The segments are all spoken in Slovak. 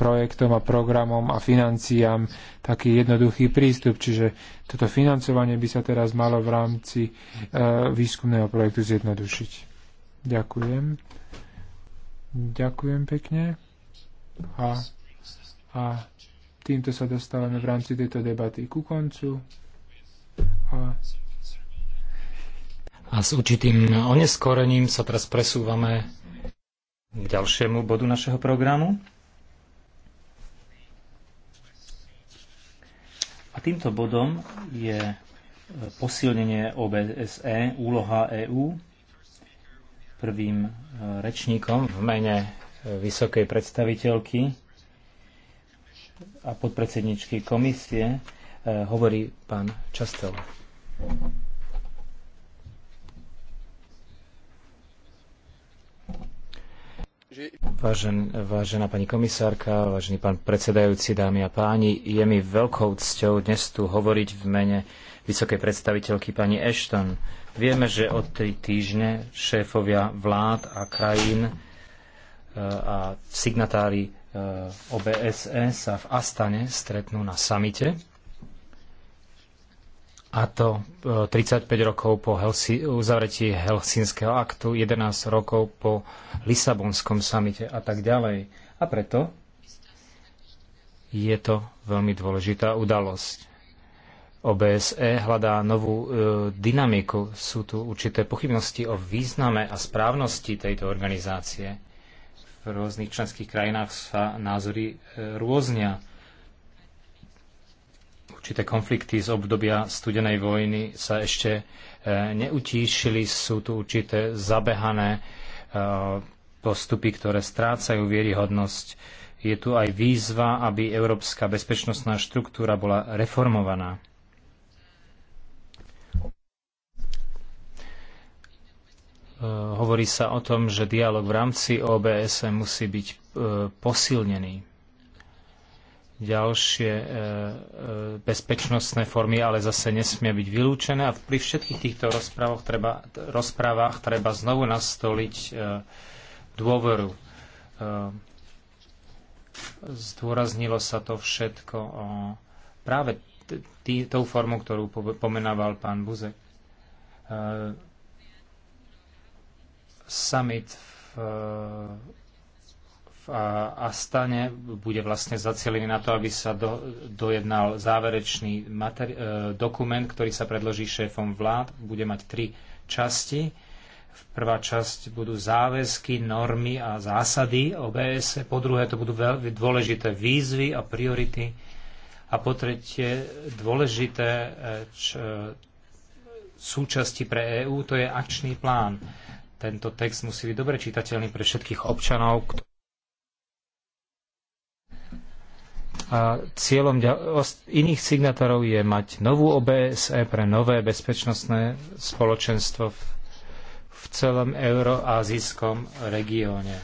projektom a programom a financiám taký jednoduchý prístup. Čiže toto financovanie by sa teraz malo v rámci e, výskumného projektu zjednodušiť. Ďakujem. Ďakujem pekne. A, a týmto sa dostávame v rámci tejto debaty ku koncu. A a s určitým oneskorením sa teraz presúvame k ďalšiemu bodu našeho programu. týmto bodom je e, posilnenie OBSE, úloha EÚ. Prvým e, rečníkom v mene e, vysokej predstaviteľky a podpredsedničky komisie hovorí pán Častel. vážená pani komisárka, vážený pán predsedajúci, dámy a páni, je mi veľkou cťou dnes tu hovoriť v mene vysokej predstaviteľky pani Ashton. Vieme, že od tri týždne šéfovia vlád a krajín e, a signatári OBSE e sa v Astane stretnú na samite a to 35 e, rokov po Helsi- uzavretí Helsinského aktu, 11 rokov po Lisabonskom samite a tak ďalej. A preto je to veľmi dôležitá udalosť. OBSE hľadá novú e, dynamiku. Sú tu určité pochybnosti o význame a správnosti tejto organizácie. V rôznych členských krajinách sa názory e, rôznia určité konflikty z obdobia studenej vojny sa ešte e, neutíšili, sú tu určité zabehané e, postupy, ktoré strácajú vieryhodnosť. Je tu aj výzva, aby európska bezpečnostná štruktúra bola reformovaná. E, hovorí sa o tom, že dialog v rámci OBS musí byť posilnený ďalšie e, e, bezpečnostné formy, ale zase nesmie byť vylúčené. A pri všetkých týchto rozprávach treba, rozprávach treba znovu nastoliť e, dôveru. Zdôraznilo sa to všetko práve tý, tou formou, ktorú pomenával pán Buzek. Summit v Astane bude vlastne zacielený na to, aby sa do, dojednal záverečný materi- e, dokument, ktorý sa predloží šéfom vlád. Bude mať tri časti. Prvá časť budú záväzky, normy a zásady OBS. E. Po druhé to budú veľmi dôležité výzvy a priority. A po tretie dôležité e, súčasti pre EÚ, to je akčný plán. Tento text musí byť dobre čitateľný pre všetkých občanov, A cieľom iných signatárov je mať novú OBSE pre nové bezpečnostné spoločenstvo v celom euroazijskom regióne.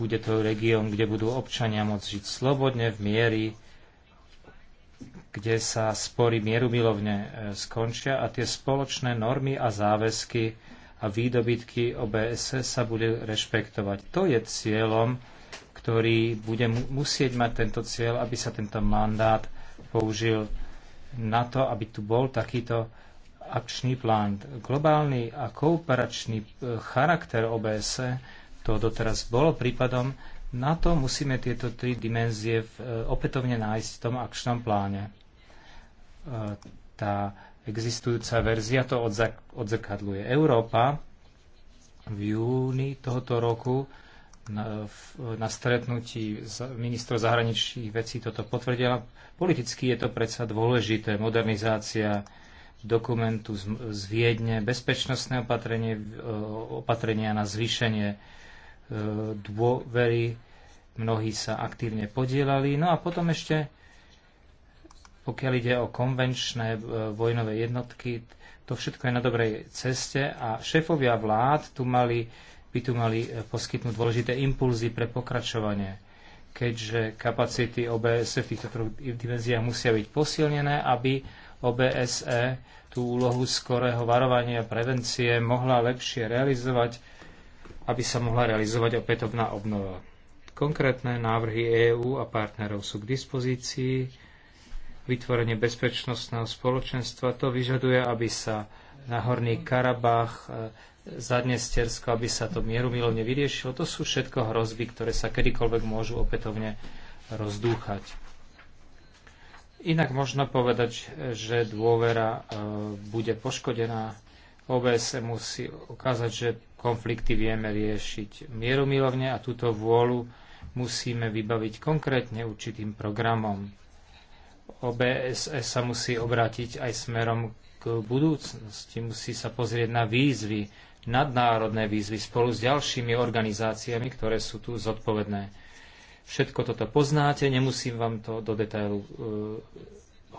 Bude to región, kde budú občania môcť žiť slobodne, v miery, kde sa spory mierumilovne e, skončia a tie spoločné normy a záväzky a výdobytky OBS e sa budú rešpektovať. To je cieľom ktorý bude musieť mať tento cieľ, aby sa tento mandát použil na to, aby tu bol takýto akčný plán. Globálny a kooperačný e, charakter OBS to doteraz bolo prípadom, na to musíme tieto tri dimenzie e, opätovne nájsť v tom akčnom pláne. E, tá existujúca verzia to odzrkadluje. Európa v júni tohoto roku na, na stretnutí ministra zahraničných vecí toto potvrdila. Politicky je to predsa dôležité. Modernizácia dokumentu z, z Viedne, bezpečnostné opatrenie, e, opatrenia na zvýšenie e, dôvery. Mnohí sa aktívne podielali. No a potom ešte, pokiaľ ide o konvenčné e, vojnové jednotky, to všetko je na dobrej ceste a šéfovia vlád tu mali by tu mali e, poskytnúť dôležité impulzy pre pokračovanie, keďže kapacity OBSE v týchto troch dimenziách musia byť posilnené, aby OBSE tú úlohu skorého varovania a prevencie mohla lepšie realizovať, aby sa mohla realizovať opätovná obnova. Konkrétne návrhy EÚ a partnerov sú k dispozícii vytvorenie bezpečnostného spoločenstva. To vyžaduje, aby sa na Horný Karabách, e, Zadnestersko, aby sa to mierumilovne vyriešilo. To sú všetko hrozby, ktoré sa kedykoľvek môžu opätovne rozdúchať. Inak možno povedať, že dôvera e, bude poškodená. OBS musí ukázať, že konflikty vieme riešiť mierumilovne a túto vôľu musíme vybaviť konkrétne určitým programom OBSE sa musí obrátiť aj smerom k budúcnosti, musí sa pozrieť na výzvy, nadnárodné výzvy spolu s ďalšími organizáciami, ktoré sú tu zodpovedné. Všetko toto poznáte, nemusím vám to do detailu uh,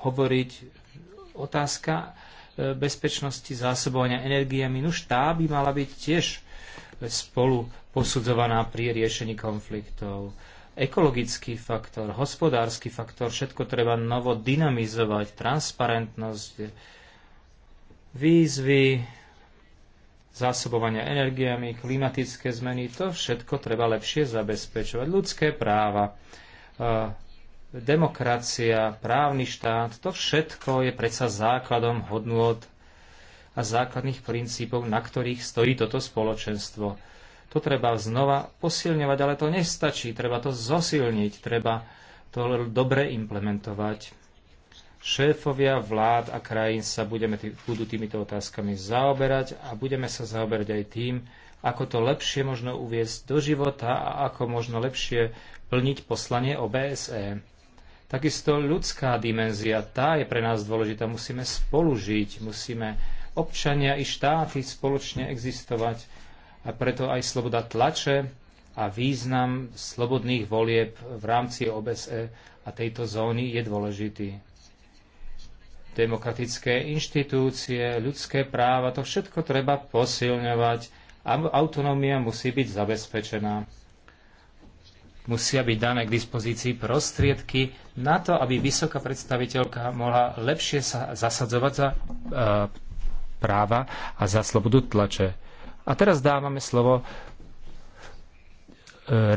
hovoriť. Otázka uh, bezpečnosti zásobovania energiami, no tá by mala byť tiež spolu posudzovaná pri riešení konfliktov. Uh, ekologický faktor, hospodársky faktor, všetko treba novo dynamizovať, transparentnosť, výzvy, zásobovania energiami, klimatické zmeny, to všetko treba lepšie zabezpečovať. Ľudské práva, e, demokracia, právny štát, to všetko je predsa základom hodnôt a základných princípov, na ktorých stojí toto spoločenstvo to treba znova posilňovať, ale to nestačí. Treba to zosilniť, treba to dobre implementovať. Šéfovia vlád a krajín sa budeme tý, budú týmito otázkami zaoberať a budeme sa zaoberať aj tým, ako to lepšie možno uviezť do života a ako možno lepšie plniť poslanie OBSE. Takisto ľudská dimenzia, tá je pre nás dôležitá. Musíme spolužiť, musíme občania i štáty spoločne existovať a preto aj sloboda tlače a význam slobodných volieb v rámci OBSE a tejto zóny je dôležitý. Demokratické inštitúcie, ľudské práva, to všetko treba posilňovať a autonómia musí byť zabezpečená. Musia byť dané k dispozícii prostriedky na to, aby vysoká predstaviteľka mohla lepšie sa zasadzovať za e, práva a za slobodu tlače a teraz dávame slovo e,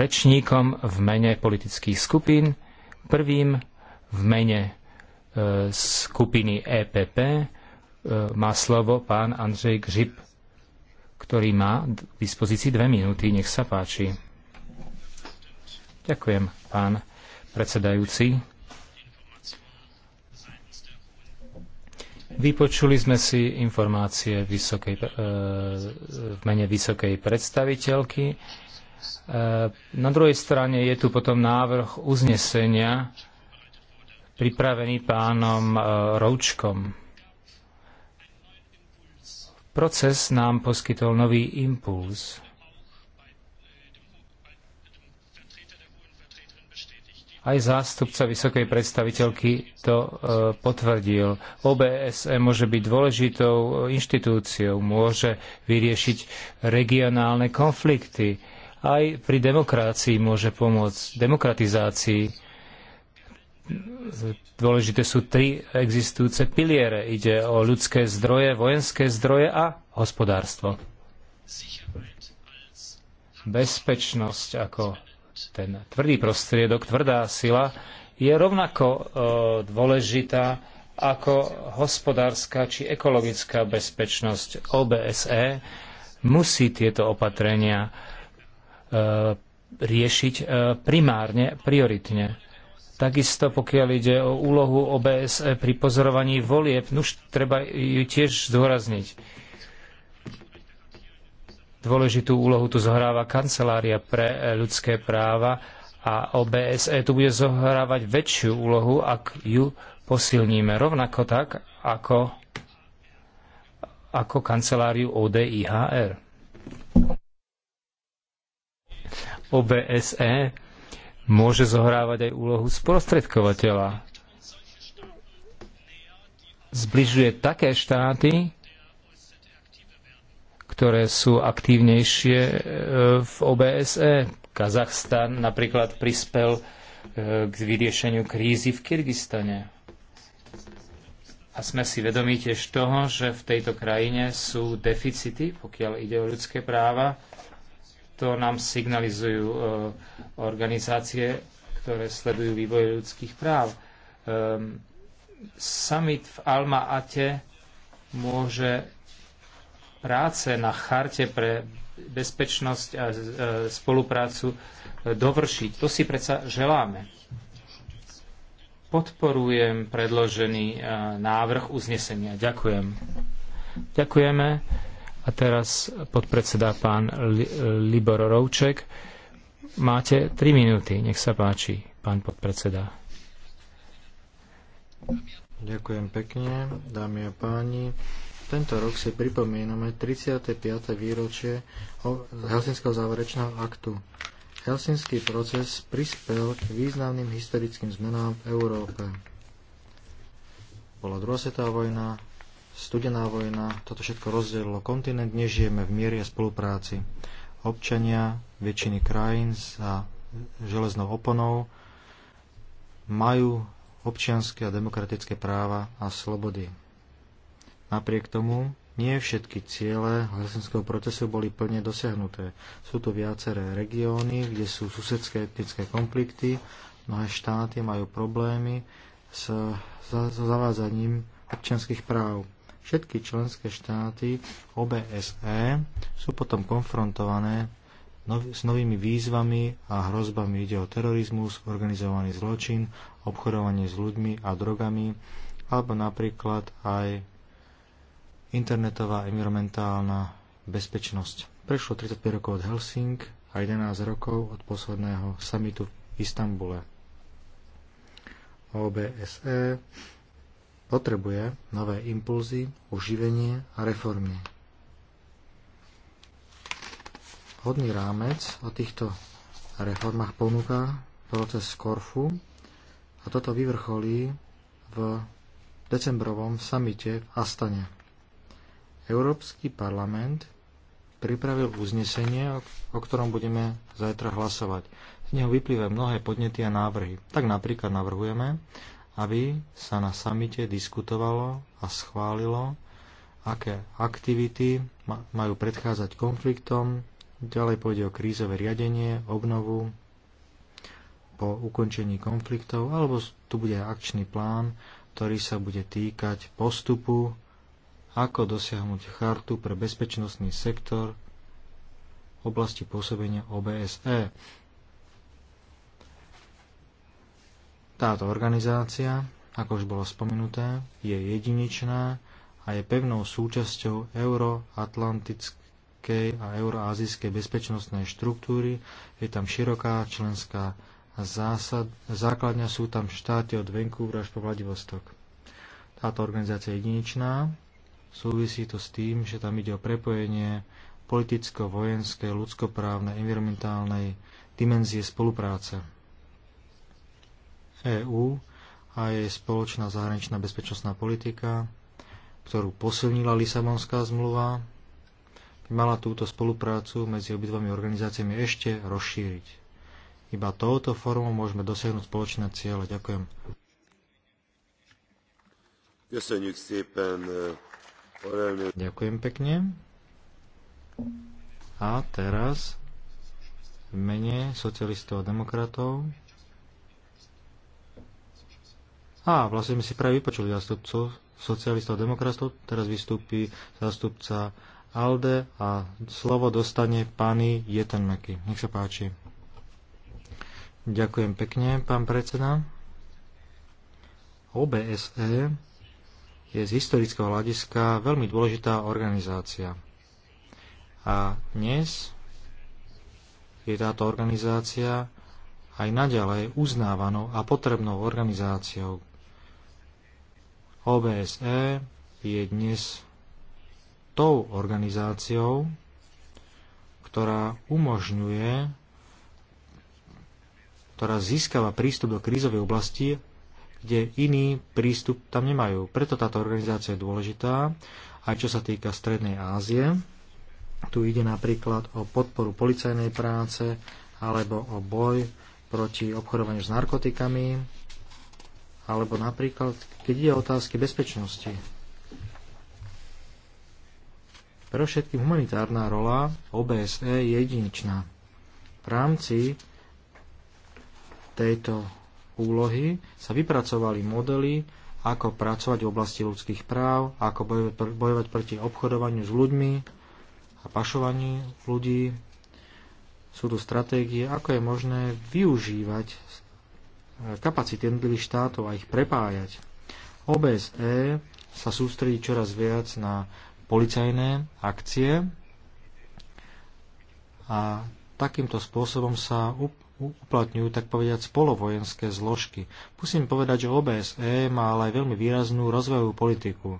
rečníkom v mene politických skupín. Prvým v mene e, skupiny EPP e, má slovo pán Andrej Gřib, ktorý má k dispozícii dve minúty. Nech sa páči. Ďakujem, pán predsedajúci Vypočuli sme si informácie vysokej, e, v mene vysokej predstaviteľky. E, na druhej strane je tu potom návrh uznesenia pripravený pánom e, Roučkom. Proces nám poskytol nový impuls. Aj zástupca vysokej predstaviteľky to e, potvrdil. OBSE môže byť dôležitou inštitúciou, môže vyriešiť regionálne konflikty. Aj pri demokrácii môže pomôcť, demokratizácii. Dôležité sú tri existujúce piliere. Ide o ľudské zdroje, vojenské zdroje a hospodárstvo bezpečnosť ako ten tvrdý prostriedok, tvrdá sila je rovnako e, dôležitá ako hospodárska či ekologická bezpečnosť OBSE musí tieto opatrenia e, riešiť e, primárne, prioritne. Takisto pokiaľ ide o úlohu OBSE pri pozorovaní volieb, už treba ju tiež zdôrazniť Dôležitú úlohu tu zohráva Kancelária pre e, ľudské práva a OBSE tu bude zohrávať väčšiu úlohu, ak ju posilníme. Rovnako tak, ako, ako kanceláriu ODIHR. OBSE môže zohrávať aj úlohu sprostredkovateľa. Zbližuje také štáty, ktoré sú aktívnejšie e, v OBSE. Kazachstan napríklad prispel e, k vyriešeniu krízy v Kyrgyzstane. A sme si vedomi tiež toho, že v tejto krajine sú deficity, pokiaľ ide o ľudské práva. To nám signalizujú e, organizácie, ktoré sledujú vývoj ľudských práv. Ehm, summit v Alma-Ate môže práce na charte pre bezpečnosť a e, spoluprácu e, dovršiť. To si predsa želáme. Podporujem predložený e, návrh uznesenia. Ďakujem. Ďakujeme. A teraz podpredseda pán Libor Rouček. Máte tri minúty. Nech sa páči, pán podpredseda. Ďakujem pekne, dámy a páni. Tento rok si pripomíname 35. výročie Helsinského záverečného aktu. Helsinský proces prispel k významným historickým zmenám v Európe. Bola druhá svetová vojna, studená vojna, toto všetko rozdelilo kontinent, nežijeme v miery a spolupráci. Občania väčšiny krajín za železnou oponou majú občianske a demokratické práva a slobody Napriek tomu nie všetky ciele helsinského procesu boli plne dosiahnuté. Sú tu viaceré regióny, kde sú susedské etnické konflikty, mnohé štáty majú problémy s, zavádzaním občianských práv. Všetky členské štáty OBSE sú potom konfrontované s novými výzvami a hrozbami. Ide o terorizmus, organizovaný zločin, obchodovanie s ľuďmi a drogami, alebo napríklad aj internetová environmentálna bezpečnosť. Prešlo 35 rokov od Helsing a 11 rokov od posledného samitu v Istambule. OBSE potrebuje nové impulzy, uživenie a reformy. Hodný rámec o týchto reformách ponúka proces Korfu a toto vyvrcholí v decembrovom samite v Astane. Európsky parlament pripravil uznesenie, o ktorom budeme zajtra hlasovať. Z neho vyplývajú mnohé podnety a návrhy. Tak napríklad navrhujeme, aby sa na samite diskutovalo a schválilo, aké aktivity majú predchádzať konfliktom, ďalej pôjde o krízové riadenie, obnovu po ukončení konfliktov, alebo tu bude akčný plán, ktorý sa bude týkať postupu ako dosiahnuť chartu pre bezpečnostný sektor v oblasti pôsobenia OBSE. Táto organizácia, ako už bolo spomenuté, je jedinečná a je pevnou súčasťou euroatlantickej a euroazijskej bezpečnostnej štruktúry. Je tam široká členská zásad, základňa, sú tam štáty od Vancouver až po Vladivostok. Táto organizácia je jedinečná Súvisí to s tým, že tam ide o prepojenie politicko-vojenskej, ľudskoprávnej, environmentálnej dimenzie spolupráce. EÚ a jej spoločná zahraničná bezpečnostná politika, ktorú posilnila Lisabonská zmluva, by mala túto spoluprácu medzi obidvami organizáciami ešte rozšíriť. Iba touto formou môžeme dosiahnuť spoločné ciele. Ďakujem. Ďakujem. Ďakujem pekne. A teraz v mene socialistov a demokratov a vlastne sme si práve vypočuli zástupcov socialistov a demokratov. Teraz vystúpi zástupca Alde a slovo dostane pani Jetenmeky. Nech sa páči. Ďakujem pekne, pán predseda. OBSE je z historického hľadiska veľmi dôležitá organizácia. A dnes je táto organizácia aj naďalej uznávanou a potrebnou organizáciou. OBSE je dnes tou organizáciou, ktorá umožňuje, ktorá získava prístup do krízovej oblasti kde iný prístup tam nemajú. Preto táto organizácia je dôležitá, aj čo sa týka Strednej Ázie. Tu ide napríklad o podporu policajnej práce alebo o boj proti obchodovaniu s narkotikami, alebo napríklad, keď ide o otázky bezpečnosti. Pre všetkým humanitárna rola OBSE je jedinečná. V rámci tejto úlohy sa vypracovali modely, ako pracovať v oblasti ľudských práv, ako bojovať, proti obchodovaniu s ľuďmi a pašovaní ľudí. Sú tu stratégie, ako je možné využívať e, kapacity jednotlivých štátov a ich prepájať. OBSE sa sústredí čoraz viac na policajné akcie a takýmto spôsobom sa uplatňujú, tak povediať, spolovojenské zložky. Musím povedať, že OBSE má ale aj veľmi výraznú rozvojovú politiku.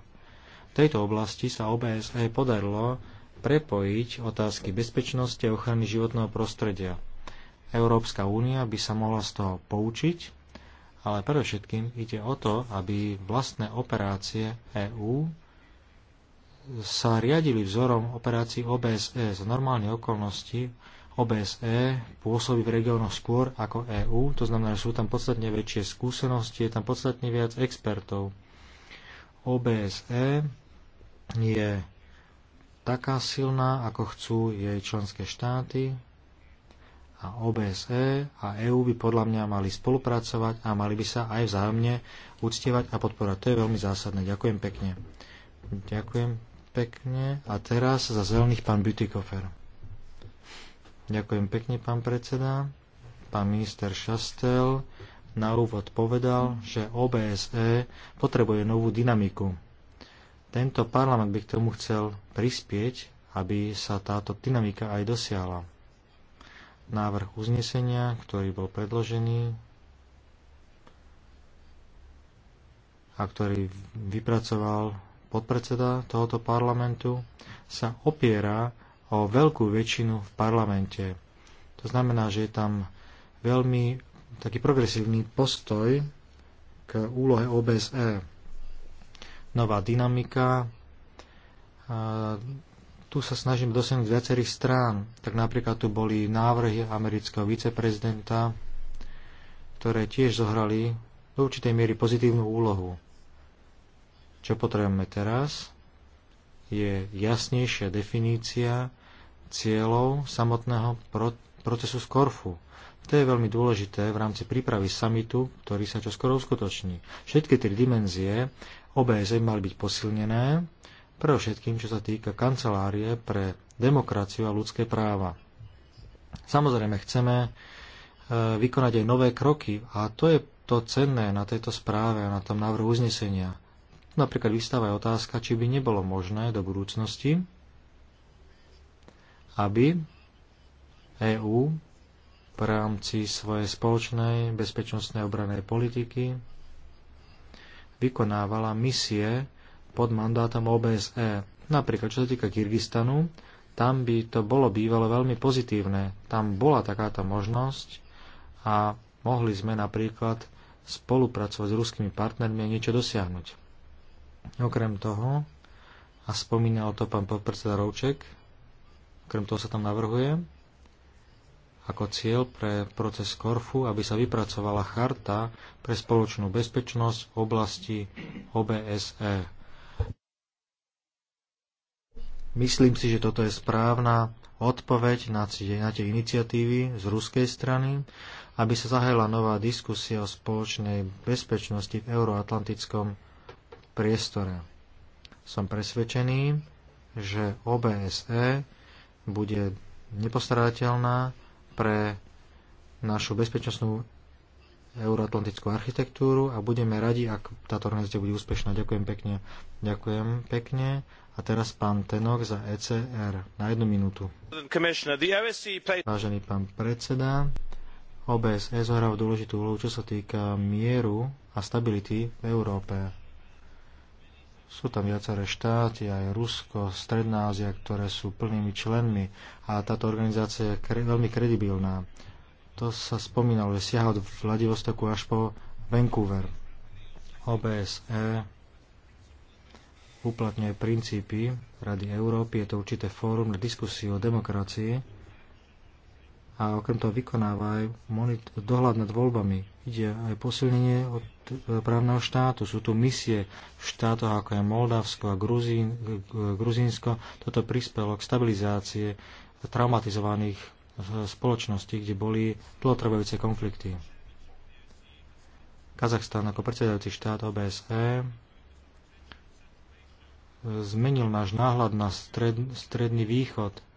V tejto oblasti sa OBSE podarilo prepojiť otázky bezpečnosti a ochrany životného prostredia. Európska únia by sa mohla z toho poučiť, ale predovšetkým ide o to, aby vlastné operácie EÚ sa riadili vzorom operácií OBSE. Za normálne okolnosti OBSE pôsobí v regiónoch skôr ako EÚ, to znamená, že sú tam podstatne väčšie skúsenosti, je tam podstatne viac expertov. OBSE je taká silná, ako chcú jej členské štáty a OBSE a EÚ by podľa mňa mali spolupracovať a mali by sa aj vzájomne uctievať a podporovať. To je veľmi zásadné. Ďakujem pekne. Ďakujem pekne. A teraz za zelených pán Bütikofer. Ďakujem pekne, pán predseda. Pán minister Šastel na úvod povedal, že OBSE potrebuje novú dynamiku. Tento parlament by k tomu chcel prispieť, aby sa táto dynamika aj dosiahla. Návrh uznesenia, ktorý bol predložený a ktorý vypracoval podpredseda tohoto parlamentu, sa opiera o veľkú väčšinu v parlamente. To znamená, že je tam veľmi taký progresívny postoj k úlohe OBSE. Nová dynamika. A tu sa snažím dosiahnuť viacerých strán. Tak napríklad tu boli návrhy amerického viceprezidenta, ktoré tiež zohrali do určitej miery pozitívnu úlohu. Čo potrebujeme teraz, je jasnejšia definícia cieľov samotného procesu z Korfu. To je veľmi dôležité v rámci prípravy samitu, ktorý sa čoskoro uskutoční. Všetky tri dimenzie OBSE mali byť posilnené, pre všetkým, čo sa týka kancelárie pre demokraciu a ľudské práva. Samozrejme, chceme e, vykonať aj nové kroky a to je to cenné na tejto správe a na tom návrhu uznesenia. Napríklad vystáva aj otázka, či by nebolo možné do budúcnosti aby EÚ v rámci svojej spoločnej bezpečnostnej obranej politiky vykonávala misie pod mandátom OBSE. Napríklad, čo sa týka Kyrgyzstanu, tam by to bolo bývalo veľmi pozitívne. Tam bola takáto možnosť a mohli sme napríklad spolupracovať s ruskými partnermi a niečo dosiahnuť. Okrem toho, a spomínal to pán podpredseda Rovček, Krem toho sa tam navrhuje ako cieľ pre proces Korfu, aby sa vypracovala charta pre spoločnú bezpečnosť v oblasti OBSE. Myslím si, že toto je správna odpoveď na tie, iniciatívy z ruskej strany, aby sa zahajala nová diskusia o spoločnej bezpečnosti v euroatlantickom priestore. Som presvedčený, že OBSE bude nepostarateľná pre našu bezpečnostnú euroatlantickú architektúru a budeme radi, ak táto organizácia bude úspešná. Ďakujem pekne. Ďakujem pekne. A teraz pán Tenok za ECR na jednu minútu. Vážený pán predseda, OBS e zohráva dôležitú úlohu, čo sa týka mieru a stability v Európe sú tam viaceré štáty, aj Rusko, Stredná Ázia, ktoré sú plnými členmi a táto organizácia je kre, veľmi kredibilná. To sa spomínalo, že siaha od Vladivostoku až po Vancouver. OBSE uplatňuje princípy Rady Európy, je to určité fórum na diskusiu o demokracii, a okrem toho vykonáva aj dohľad nad voľbami. Ide aj posilnenie od e, právneho štátu. Sú tu misie v štátoch ako je Moldavsko a e, Gruzínsko. Toto prispelo k stabilizácie traumatizovaných e, spoločností, kde boli dlhotrvajúce konflikty. Kazachstan ako predsedajúci štát OBSE zmenil náš náhľad na stred, stredný východ –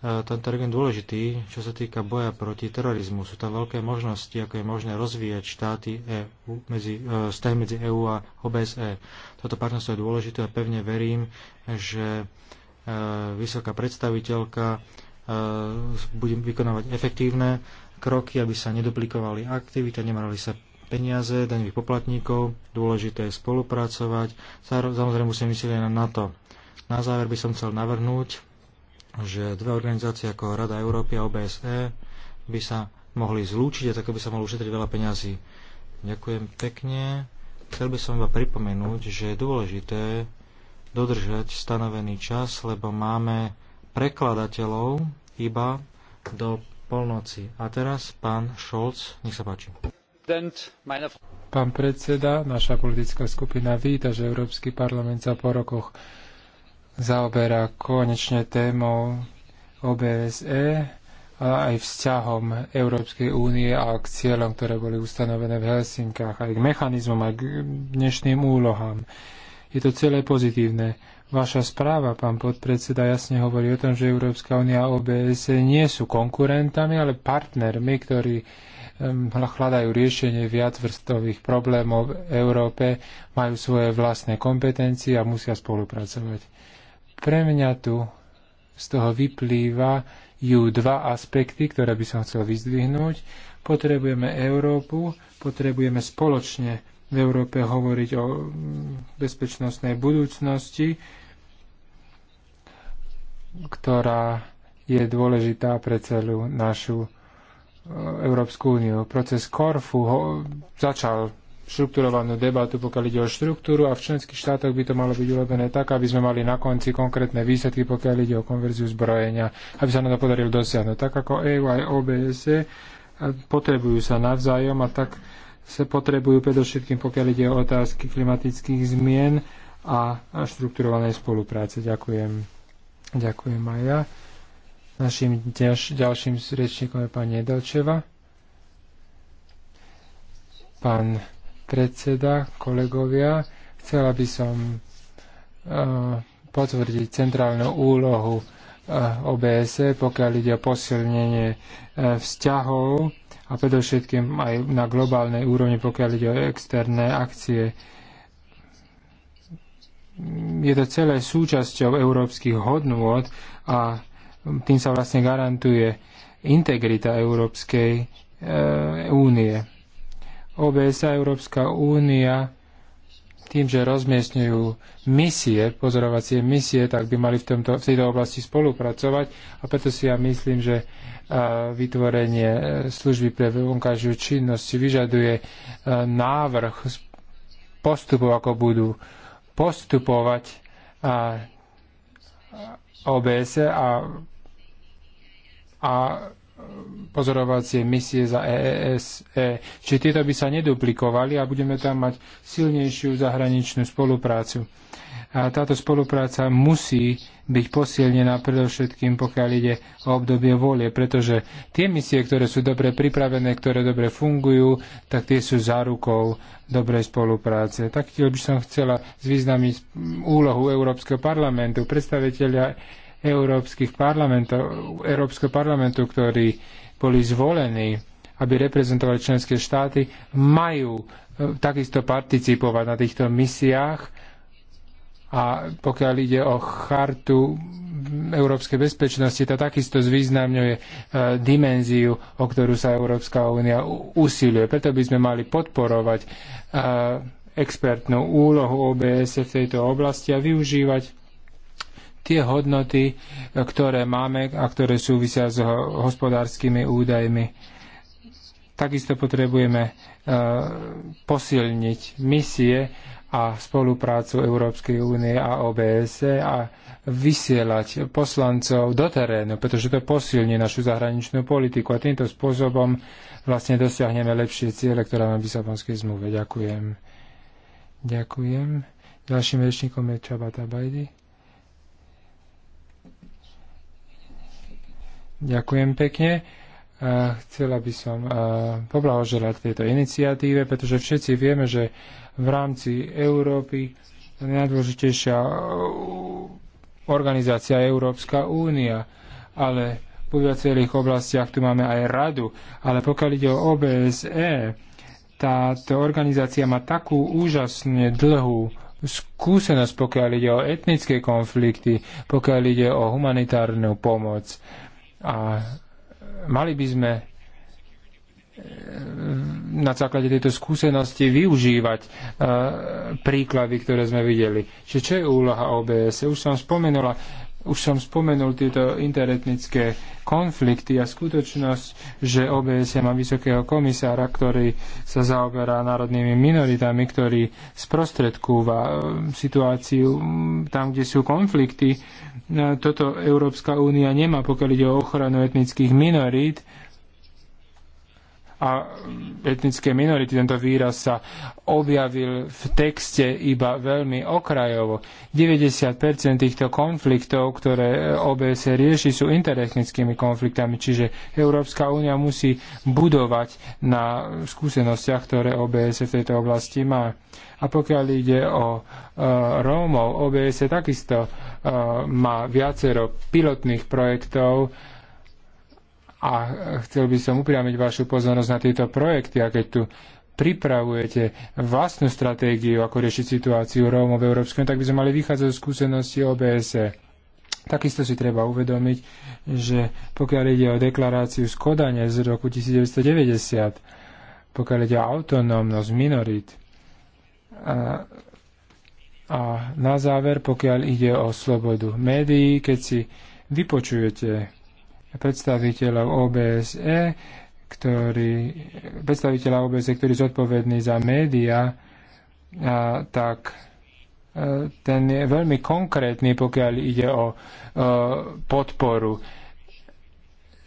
tento region dôležitý, čo sa týka boja proti terorizmu. Sú tam veľké možnosti, ako je možné rozvíjať štáty EU, medzi, e, vzťahy medzi EÚ a OBSE. Toto partnerstvo je dôležité a pevne verím, že e, vysoká predstaviteľka e, bude vykonávať efektívne kroky, aby sa neduplikovali aktivity, nemarali sa peniaze daňových poplatníkov, dôležité je spolupracovať, samozrejme musím myslieť aj na NATO. Na záver by som chcel navrhnúť, že dve organizácie ako Rada Európy a OBSE by sa mohli zlúčiť a tak by sa mohlo ušetriť veľa peňazí. Ďakujem pekne. Chcel by som iba pripomenúť, že je dôležité dodržať stanovený čas, lebo máme prekladateľov iba do polnoci. A teraz pán Šolc, nech sa páči. Pán predseda, naša politická skupina víta, že Európsky parlament sa po rokoch zaoberá konečne témou OBSE a aj vzťahom Európskej únie a k cieľom, ktoré boli ustanovené v Helsinkách, aj k mechanizmom, aj k dnešným úlohám. Je to celé pozitívne. Vaša správa, pán podpredseda, jasne hovorí o tom, že Európska únia a OBS e nie sú konkurentami, ale partnermi, ktorí hľadajú riešenie viacvrstových problémov v Európe, majú svoje vlastné kompetencie a musia spolupracovať. Pre mňa tu z toho vyplýva ju dva aspekty, ktoré by som chcel vyzdvihnúť. Potrebujeme Európu, potrebujeme spoločne v Európe hovoriť o mm, bezpečnostnej budúcnosti, ktorá je dôležitá pre celú našu e, Európsku úniu. Proces Korfu začal štrukturovanú debatu, pokiaľ ide o štruktúru a v členských štátoch by to malo byť urobené tak, aby sme mali na konci konkrétne výsledky, pokiaľ ide o konverziu zbrojenia, aby sa nám to podarilo dosiahnuť. Tak ako EU aj OBS e, eh, potrebujú sa navzájom a tak sa potrebujú predovšetkým, pokiaľ ide o otázky klimatických zmien a štrukturovanej spolupráce. Ďakujem. Ďakujem aj ja. Našim ďalš- ďalším rečníkom je pani Edelčeva. Pán predseda, kolegovia. Chcela by som eh, potvrdiť centrálnu úlohu eh, OBS, e, pokiaľ ide o posilnenie eh, vzťahov a predovšetkým aj na globálnej úrovni, pokiaľ ide o externé akcie. Je to celé súčasťou európskych hodnôt a tým sa vlastne garantuje integrita Európskej únie OBS a Európska únia tým, že rozmiestňujú misie, pozorovacie misie, tak by mali v, tomto, v tejto oblasti spolupracovať a preto si ja myslím, že vytvorenie e, služby pre vonkajšiu činnosť si vyžaduje e, návrh postupov, ako budú postupovať a OBS a, a pozorovacie misie za EESE. E e. Či tieto by sa neduplikovali a budeme tam mať silnejšiu zahraničnú spoluprácu. A táto spolupráca musí byť posilnená predovšetkým, pokiaľ ide o obdobie volie, pretože tie misie, ktoré sú dobre pripravené, ktoré dobre fungujú, tak tie sú zárukou dobrej spolupráce. Taktiež by som chcela zvýznamiť úlohu Európskeho parlamentu. Predstaviteľia európskych parlamentov, Európskeho parlamentu, ktorí boli zvolení, aby reprezentovali členské štáty, majú e, takisto participovať na týchto misiách a pokiaľ ide o chartu európskej bezpečnosti, to takisto zvýznamňuje e, dimenziu, o ktorú sa Európska únia usiluje. Preto by sme mali podporovať e, expertnú úlohu OBS v tejto oblasti a využívať tie hodnoty, e, ktoré máme a ktoré súvisia s hospodárskymi údajmi. Takisto potrebujeme e, posilniť misie a spoluprácu Európskej únie a OBS e a vysielať poslancov do terénu, pretože to posilní našu zahraničnú politiku a týmto spôsobom vlastne dosiahneme lepšie ciele, ktoré máme v Lisabonskej zmluve. Ďakujem. Ďakujem. Ďalším rečníkom je Čabata Bajdy. Ďakujem pekne. E, chcela by som e, poblahoželať tejto iniciatíve, pretože všetci vieme, že v rámci Európy najdôležitejšia e, organizácia Európska únia, ale po viacerých oblastiach tu máme aj radu. Ale pokiaľ ide o OBSE, táto organizácia má takú úžasne dlhú skúsenosť, pokiaľ ide o etnické konflikty, pokiaľ ide o humanitárnu pomoc. A mali by sme e, na základe tejto skúsenosti využívať e, príklady, ktoré sme videli. Čiže čo je úloha OBS? Už som spomenula, už som spomenul tieto interetnické konflikty a skutočnosť, že OBS má vysokého komisára, ktorý sa zaoberá národnými minoritami, ktorý sprostredkúva um, situáciu um, tam, kde sú konflikty. E, toto Európska únia nemá, pokiaľ ide o ochranu etnických minorít a etnické minority. Tento výraz sa objavil v texte iba veľmi okrajovo. 90% týchto konfliktov, ktoré e, OBS rieši, sú interetnickými konfliktami, čiže Európska únia musí budovať na skúsenostiach, ktoré OBS v tejto oblasti má. A pokiaľ ide o e, Rómov, OBS takisto e, má viacero pilotných projektov, a chcel by som upriamiť vašu pozornosť na tieto projekty a keď tu pripravujete vlastnú stratégiu, ako riešiť situáciu Rómov v Európskej tak by sme mali vychádzať zo skúsenosti OBSE. Takisto si treba uvedomiť, že pokiaľ ide o deklaráciu z Kodane z roku 1990, pokiaľ ide o autonómnosť minorít, a, a na záver, pokiaľ ide o slobodu médií, keď si vypočujete predstaviteľov OBSE, ktorý, predstaviteľa OBSE, ktorý je zodpovedný za médiá, a, tak e, ten je veľmi konkrétny, pokiaľ ide o e, podporu.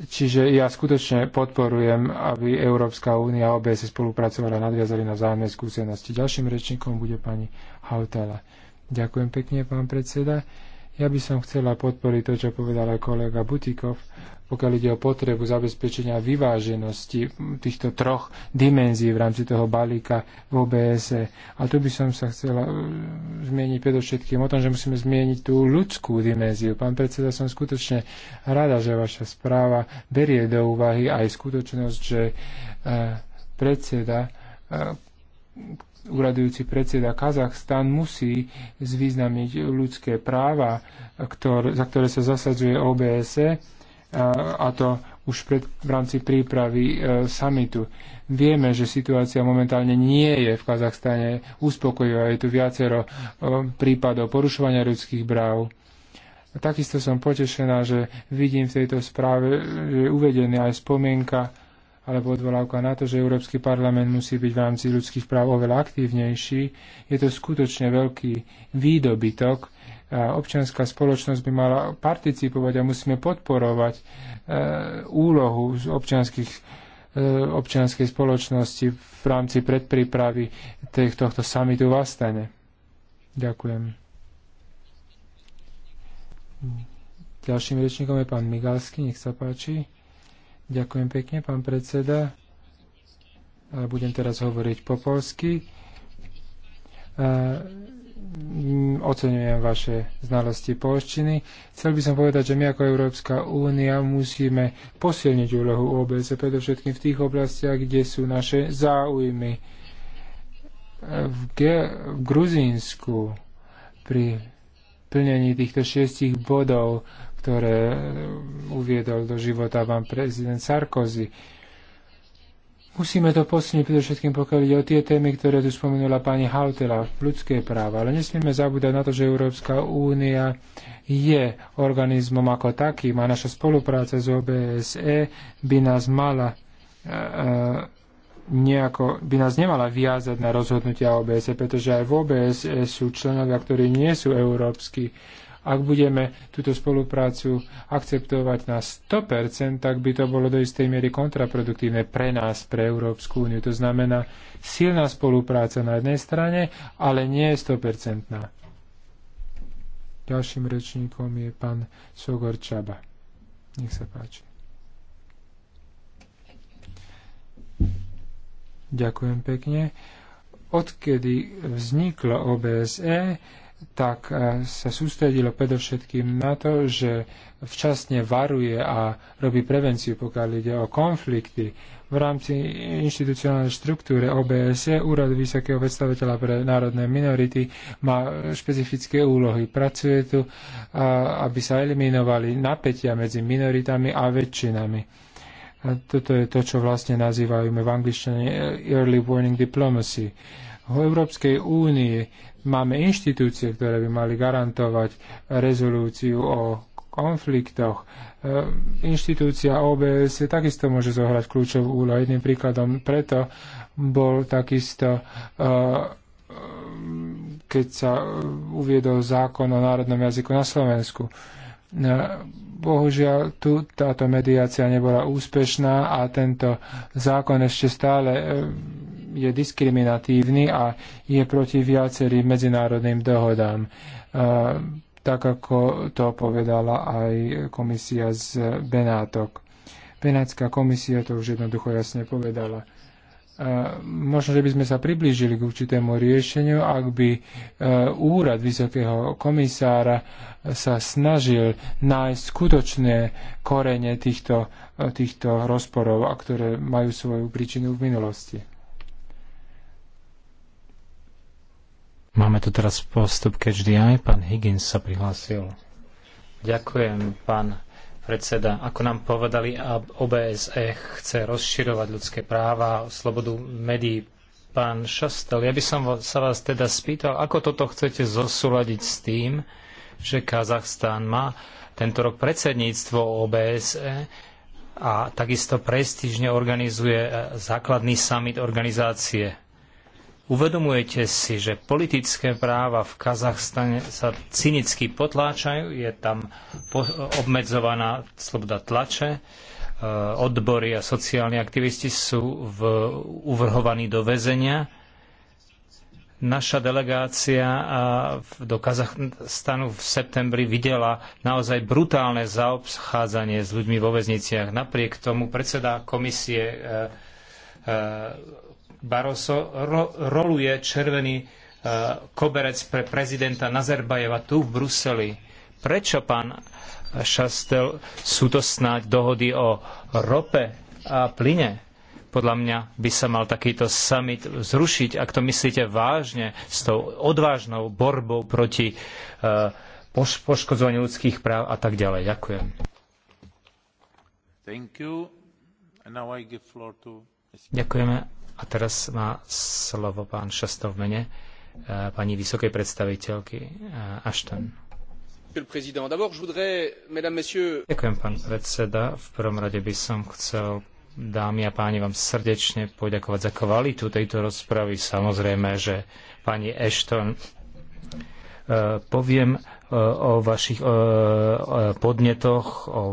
Čiže ja skutočne podporujem, aby Európska únia a OBS e spolupracovala a nadviazali na vzájomné skúsenosti. Ďalším rečníkom bude pani Hautala. Ďakujem pekne, pán predseda. Ja by som chcela podporiť to, čo povedal aj kolega Butikov, pokiaľ ide o potrebu zabezpečenia vyváženosti týchto troch dimenzií v rámci toho balíka v obs e. A tu by som sa chcela uh, zmieniť predovšetkým o tom, že musíme zmieniť tú ľudskú dimenziu. Pán predseda, som skutočne rada, že vaša správa berie do úvahy aj skutočnosť, že uh, predseda uh, úradujúci predseda Kazachstan musí zvýznamiť ľudské práva, ktor, za ktoré sa zasadzuje OBSE, a, a to už pred, v rámci prípravy e, samitu. Vieme, že situácia momentálne nie je v Kazachstane uspokojivá. Je tu viacero e, prípadov porušovania ľudských práv. Takisto som potešená, že vidím v tejto správe, že je uvedená aj spomienka alebo odvolávka na to, že Európsky parlament musí byť v rámci ľudských práv oveľa aktívnejší. Je to skutočne veľký výdobytok. Občianská spoločnosť by mala participovať a musíme podporovať e, úlohu občianských e, občianskej spoločnosti v rámci predprípravy tohto samitu v Astane. Ďakujem. Ďalším rečníkom je pán Migalsky, nech sa páči. Ďakujem pekne, pán predseda. A budem teraz hovoriť po polsky. Mm, oceňujem vaše znalosti polštiny. Chcel by som povedať, že my ako Európska únia musíme posilniť úlohu OBS, predovšetkým v tých oblastiach, kde sú naše záujmy. V, Ge- v Gruzínsku pri plnení týchto šiestich bodov ktoré e, uviedol do života vám prezident Sarkozy. Musíme to posunúť predovšetkým, pokiaľ ide o tie témy, ktoré tu spomenula pani Hautela, ľudské práva. Ale nesmieme zabúdať na to, že Európska únia je organizmom ako takým a naša spolupráca s OBSE by nás mala uh, nejako, by nás nemala viazať na rozhodnutia OBSE, pretože aj v OBSE sú členovia, ktorí nie sú európsky uh, ak budeme túto spoluprácu akceptovať na 100%, tak by to bolo do istej miery kontraproduktívne pre nás, pre Európsku úniu. To znamená silná spolupráca na jednej strane, ale nie 100%. Ďalším rečníkom je pán Sogor Čaba. Nech sa páči. Ďakujem pekne odkedy vzniklo OBSE, tak e, sa sústredilo predovšetkým na to, že včasne varuje a robí prevenciu, pokiaľ ide o konflikty. V rámci inštitucionálnej štruktúre OBSE Úrad Vysokého predstaviteľa pre národné minority má špecifické úlohy. Pracuje tu, aby sa eliminovali napätia medzi minoritami a väčšinami a toto je to, čo vlastne nazývame v angličtine early warning diplomacy. V Európskej únii máme inštitúcie, ktoré by mali garantovať rezolúciu o konfliktoch. E, inštitúcia OBS takisto môže zohrať kľúčovú úlohu. Jedným príkladom preto bol takisto e, e, keď sa uviedol zákon o národnom jazyku na Slovensku. No, bohužiaľ, tu táto mediácia nebola úspešná a tento zákon ešte stále e, je diskriminatívny a je proti viacerým medzinárodným dohodám. E, tak ako to povedala aj komisia z Benátok. Benátska komisia to už jednoducho jasne povedala možno, že by sme sa priblížili k určitému riešeniu, ak by e, úrad vysokého komisára sa snažil nájsť skutočné korene týchto, e, týchto rozporov, a ktoré majú svoju príčinu v minulosti. Máme tu teraz postup KHDI. Pán Higgins sa prihlásil. Ďakujem, pán predseda. Ako nám povedali, OBSE chce rozširovať ľudské práva, slobodu médií. Pán Šastel, ja by som sa vás teda spýtal, ako toto chcete zosúľadiť s tým, že Kazachstán má tento rok predsedníctvo OBSE a takisto prestížne organizuje e, základný summit organizácie Uvedomujete si, že politické práva v Kazachstane sa cynicky potláčajú, je tam obmedzovaná sloboda tlače, e, odbory a sociálni aktivisti sú v, uvrhovaní do väzenia. Naša delegácia do Kazachstanu v septembri videla naozaj brutálne zaobchádzanie s ľuďmi vo väzniciach. Napriek tomu predseda komisie e, e, Barroso ro- roluje červený e, koberec pre prezidenta Nazarbajeva tu v Bruseli. Prečo, pán Šastel, sú to snáď dohody o rope a plyne? Podľa mňa by sa mal takýto summit zrušiť, ak to myslíte vážne s tou odvážnou borbou proti e, poškodzovaniu ľudských práv a tak ďalej. Ďakujem. Ďakujeme. A teraz má slovo pán Šastov v mene e, pani vysokej predstaviteľky e, Ashton. Ďakujem, pán predseda. V prvom rade by som chcel, dámy a páni, vám srdečne poďakovať za kvalitu tejto rozpravy. Samozrejme, že pani Ashton e, poviem o vašich podnetoch, o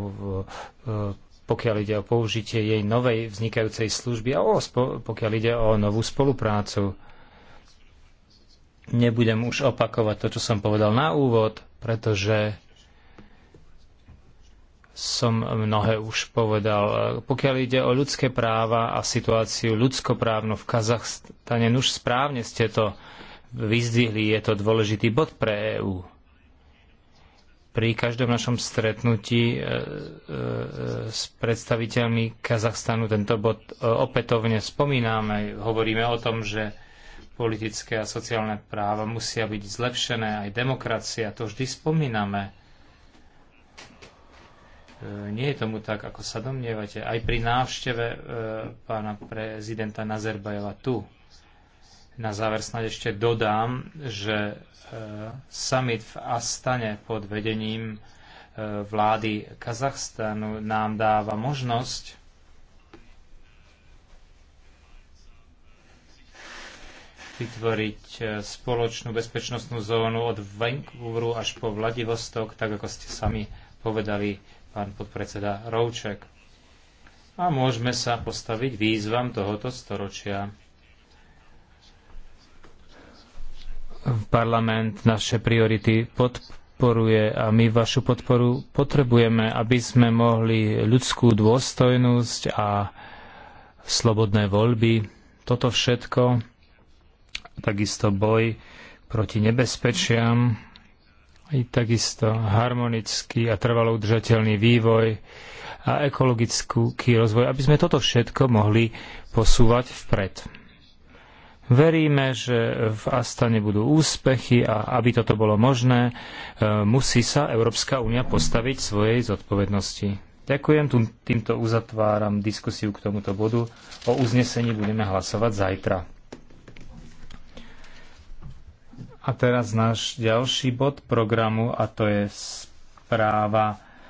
pokiaľ ide o použitie jej novej vznikajúcej služby a o, pokiaľ ide o novú spoluprácu. Nebudem už opakovať to, čo som povedal na úvod, pretože som mnohé už povedal. Pokiaľ ide o ľudské práva a situáciu ľudskoprávnu v Kazachstane, už správne ste to vyzdvihli, je to dôležitý bod pre EÚ pri každom našom stretnutí e, e, e, s predstaviteľmi Kazachstanu tento bod opätovne spomíname. Hovoríme o tom, že politické a sociálne práva musia byť zlepšené, aj demokracia, to vždy spomíname. Nie je tomu tak, ako sa domnievate. Aj pri návšteve pána prezidenta Nazarbajeva tu na záver snad ešte dodám, že e, summit v Astane pod vedením e, vlády Kazachstanu nám dáva možnosť vytvoriť e, spoločnú bezpečnostnú zónu od Vancouveru až po Vladivostok, tak ako ste sami povedali, pán podpredseda Rouček. A môžeme sa postaviť výzvam tohoto storočia. parlament naše priority podporuje a my vašu podporu potrebujeme, aby sme mohli ľudskú dôstojnosť a slobodné voľby, toto všetko, takisto boj proti nebezpečiam, i takisto harmonický a trvalo udržateľný vývoj a ekologický rozvoj, aby sme toto všetko mohli posúvať vpred. Veríme, že v Astane budú úspechy a aby toto bolo možné, e, musí sa Európska únia postaviť svojej zodpovednosti. Ďakujem, týmto uzatváram diskusiu k tomuto bodu. O uznesení budeme hlasovať zajtra. A teraz náš ďalší bod programu a to je správa